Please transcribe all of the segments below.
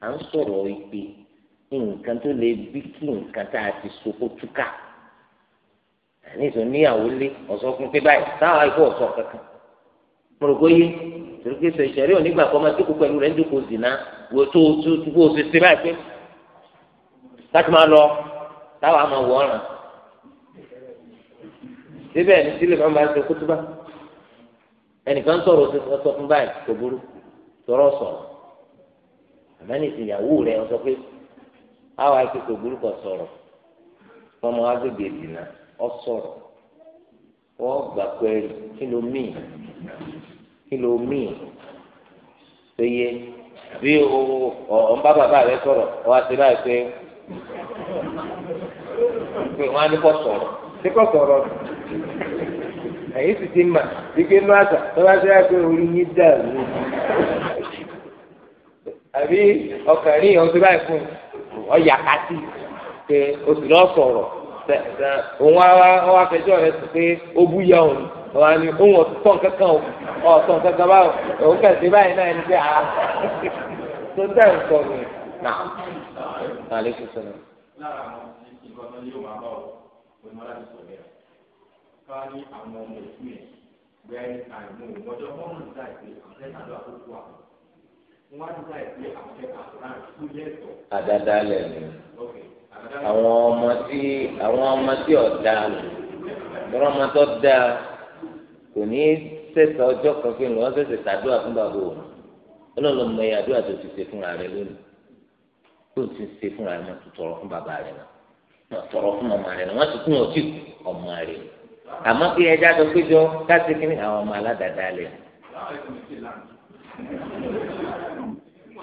à ń sọ̀rọ̀ ìpè nǹkan tó lè bí kí nǹkan a ti soko kó túká níyàwó lé ọ̀sọ́ fún pé báyìí táwa ikú ọ̀sọ́ kankan mo rò pé yé torí pé sọ ìṣẹ̀rí onígbà kan máa dúkú pẹ̀lú rẹ̀ ń dúkú zìnà wo tó tó tó kó ṣe báyìí pé láti máa lọ táwa máa àmọ́ni ìsìnyàwó rẹ ọ sọ pé àwọn akẹ́kọ̀ọ́ burúkọ sọ̀rọ̀ ọmọ agbègbè ìdìnnà ọ wọ́n gbà pé kí ló míì kí ló míì tó bí bá bàbá sọ̀rọ̀ ọ wá báyìí pé wọ́n á ní kọ́ sọ̀rọ̀ ṣé kọ́ sọ̀rọ̀ sì ti mà àṣà tó bá ṣe é àbí ọkàn rí ìyẹn oṣù báyìí fún ọyà kátì pé oṣù lọ sọ̀rọ̀ òun wá fẹjọ́ rẹ̀ sùn pé ó bú ya òun wà ní òun ọ̀tún kankan ọ̀tún kankan báwọn òun kẹsì báyìí náà ní pé a ah. tó tẹ̀ ń sọ mi nà àlẹ́ kò sọ̀rọ̀. lára àwọn àwọn ọmọ ìsúnyẹ̀ bẹ́ẹ̀ ni àìmọ̀ ọjọ́ fọ́nrán ìdáyìí pé àwọn àkókò àwọn àdáda lẹ ni àwọn ọmọ tí àwọn ọmọ tí ọ̀dà lọ́rọ́ ọmọ tó da kò ní sẹ̀sẹ̀ ọjọ́ kan pé wọ́n sẹ̀sẹ̀ tàdúrà fún bàbá òun ọlọ́run mọ ẹ̀yà àdúrà tó ti ṣe fúnra rẹ lónìí tó ti ṣe fúnra rẹ náà tó tọrọ fún bàbá rẹ náà wọ́n tọrọ fún ọmọ rẹ náà wọ́n ti kún ọtí ọmọ rẹ àmọ́ kí ẹja tó péjọ káṣí kí ni àwọn ọmọ aládàáda lẹ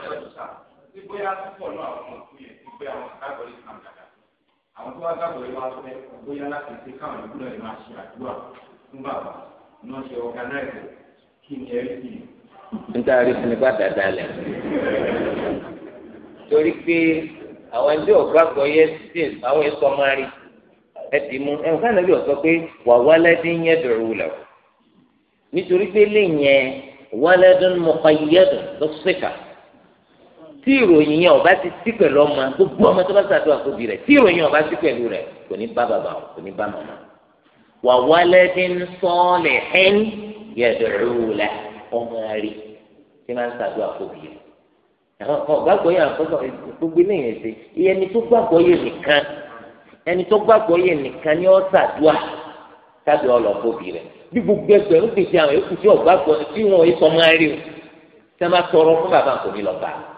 ṣẹlẹ̀ sá tí bóyá púpọ̀ náà àwọn òkú yẹn ti gbé àwọn kágbọ̀lì kan dàda àwọn tó wá kágbọ̀lì wá fẹ́ bóyá láti ṣe káwọn ìlú náà máa ṣe àdúrà fún bàbá náà ṣe ọ̀gánáìsì kí ni ẹ̀rí sí i. nítorí fún mi bá dàda lẹ̀ torí pé àwọn ẹni tí ò gbàgbọ́ yẹ sí àwọn ẹ̀sọ́ máa rí ẹ ti mú ẹ̀ nǹkan nàbí ọ̀sọ́ pé wà wálẹ́dín yẹn dọ̀rọ̀ wù lọ́wọ́ nítorí pé lè yẹn wálẹ́dín mọ̀kàyẹ́dùn lọ́sẹ̀kà tí ìròyìn yẹn ọba ti sí pẹ̀lú ọmọ gbogbo ọmọ tó bá ṣàdúrà fóbi rẹ̀ tí ìròyìn ọba sí pẹ̀lú rẹ̀ kò ní bá bàbá o kò ní bá màmá. wà waladin salihin yad'u lahu ọmọ rí tí máa ń ṣàdúrà fóbi rẹ̀. àwọn kan gbàgbọ́ yẹn àkọ́sọ gbogbo ní ìyẹn ṣe iye ẹni tó gbàgbọ́ yẹn nìkan ẹni tó gbàgbọ́ yẹn nìkan ni ó ṣàdúrà ṣàdúrà ọlọ fóbi rẹ̀ bí gbogbo ẹgbẹ̀rún kejì àwọn èkó tí ọ̀gbàgbọ́ tí wọn ò sọ máa rí o tí wọn bá tọrọ fún bàbá kò ní lọ bá a.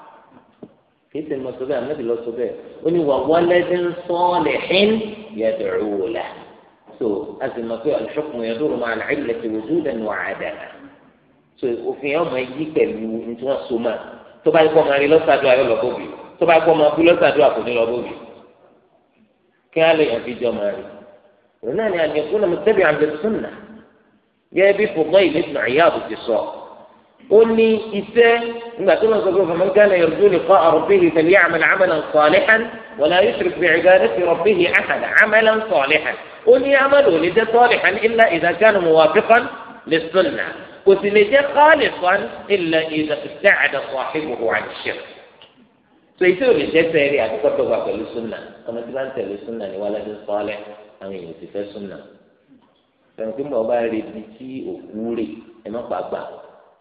kìí ṣe mọ sọbẹ àmọ́ ìlọ sọbẹ ó ní wà wọlẹ́dẹ́ ń sọ́ọ̀lẹ̀ hẹ́n yẹ̀dùrú la so a sì mọ pé alùpùpù yẹn dúró máa nàá ilẹ̀ tó wòjú lẹ́nu àdàlà so òfin yẹn ọmọ yí pẹ̀lú ní tí wọ́n so mọ́ tó bá yẹ kó máa rí lọ́sàdúrà yọ lọ́bọ̀ bì tó bá yẹ kó máa bú lọ́sàdúrà kò ní lọ́bọ̀ bì kí á lè yàn fi jọ máa rí òun náà ni àdìyẹ kó lọ́mọ tẹ́bi àbẹ̀sùn náà gẹ́gẹ́ bí fògbọ́n ìlú ìtàn àyà àbùtì sọ̀rọ̀ ó ní iṣẹ́ nígbà tó lọ́sọ̀ pé faman kana yarju liqa'a rabbih falya'mal 'amalan salihan wa la yushrik bi'ibadati rabbih ahada 'amalan salihan ó ní amẹ́lò ní jẹ́ salihan illa idha kana muwafiqan lis-sunnah kò sì lè jẹ́ khalisan illa idha ibta'ada sahibuhu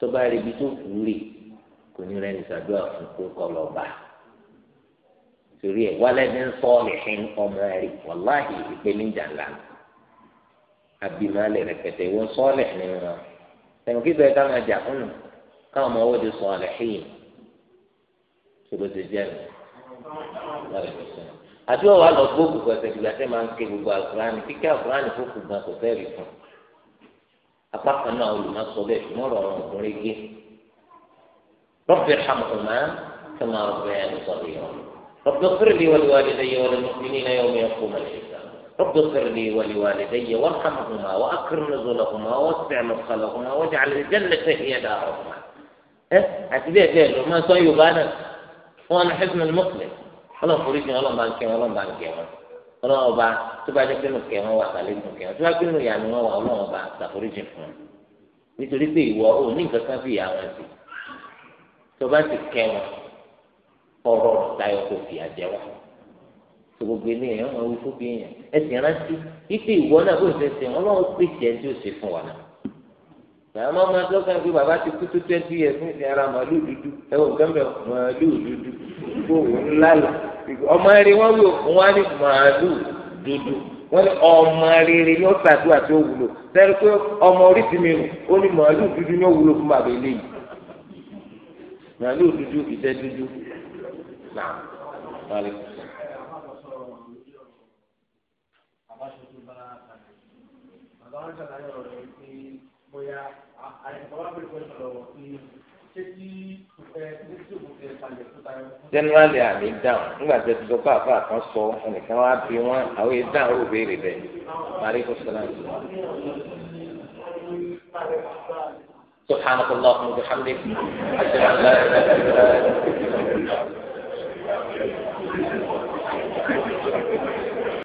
tọba ẹrẹbi tó kú rè kò ní rẹ nìsàdúrà fún kó kọ lọ bá torí ẹ wálé ní sọọlì fún ọmọ ẹrẹ wàláhì ìpèníjà ńlá abimálẹ rẹpẹtẹ ìwọ sọọlì ní wọn ẹnu kí sọyẹ káwọn ẹjà fún un káwọn ọmọ ọwọde sọọlì hìn ṣòkòtò jẹ mi àti wọn wà lọ gbóògùn kọsẹ ìgbà tẹ máa ń ké gbogbo àkùránì kíkẹ àkùránì fún kùgbà kò fẹẹ rí fún un. apákan náà olùmọ̀sọ bẹ́ẹ̀ fún ọ̀rọ̀ ọkùnrin gé rọ́bìrì hàmùkùnmá kama ربياني صغيرا رب اغفر لي ولوالدي وللمؤمنين يوم يقوم الحساب رب اغفر لي ولوالدي وارحمهما واكرم نزلهما واسع مدخلهما واجعل الجنه هي دارهما ẹ àti bẹ́ẹ̀ bẹ́ẹ̀ lọ máa sọ yorùbá náà wọn ní hizb al-muslim ọlọ́run forí fi ọlọ́run bá ń kẹ́ wọn ọlọ́run bá ń kẹ́ wọn. ọlọ́run ọba tó bá jẹ́ pé nù kẹ́ wọn wà sálẹ̀ nù kẹ́ wọn tó bá pé nù ìyanu wọn wà ọlọ́run ọba ṣàforíjì fún un nítorí pé ìwọ ò ní nǹkan kan fi ìyá wọn sí tó bá sì kẹ́ wọn ọ̀rọ̀ táyọ̀ kò fìyà jẹ wọn tó gbogbo eléyìí wọn wí fún bíi yẹn ẹsìn rántí ife ìwọ náà bó ṣe ṣe wọn lọ́wọ́ pé tiẹ̀ tí ó ṣe fún wa náà bàbá máa máa lọ́kàn pé bàbá ti kú tó twenty years ní ìsìn ara màálù dúdú ẹ̀wọ̀n gẹ́gẹ́ màálù dúdú gbòòrò ńlá lọ. ọmọ rere wọn wí òkun wọn ní màálù dúdú wọn ní ọmọ rere tí ó wúlò pé ọmọ orí ti ó ní màálù dúdú ní ó wúlò fún bàbá eléyìí màálù dúdú dúdú jẹnuwali àmì dáhùn nígbà tí a ti àfa kan sọ ẹnìkan wá bí wọn àwọn yìí dáhùn ó béèrè bẹ mari kò sọ náà. سبحانك اللهم وبحمدك أشهد أن لا إله إلا أنت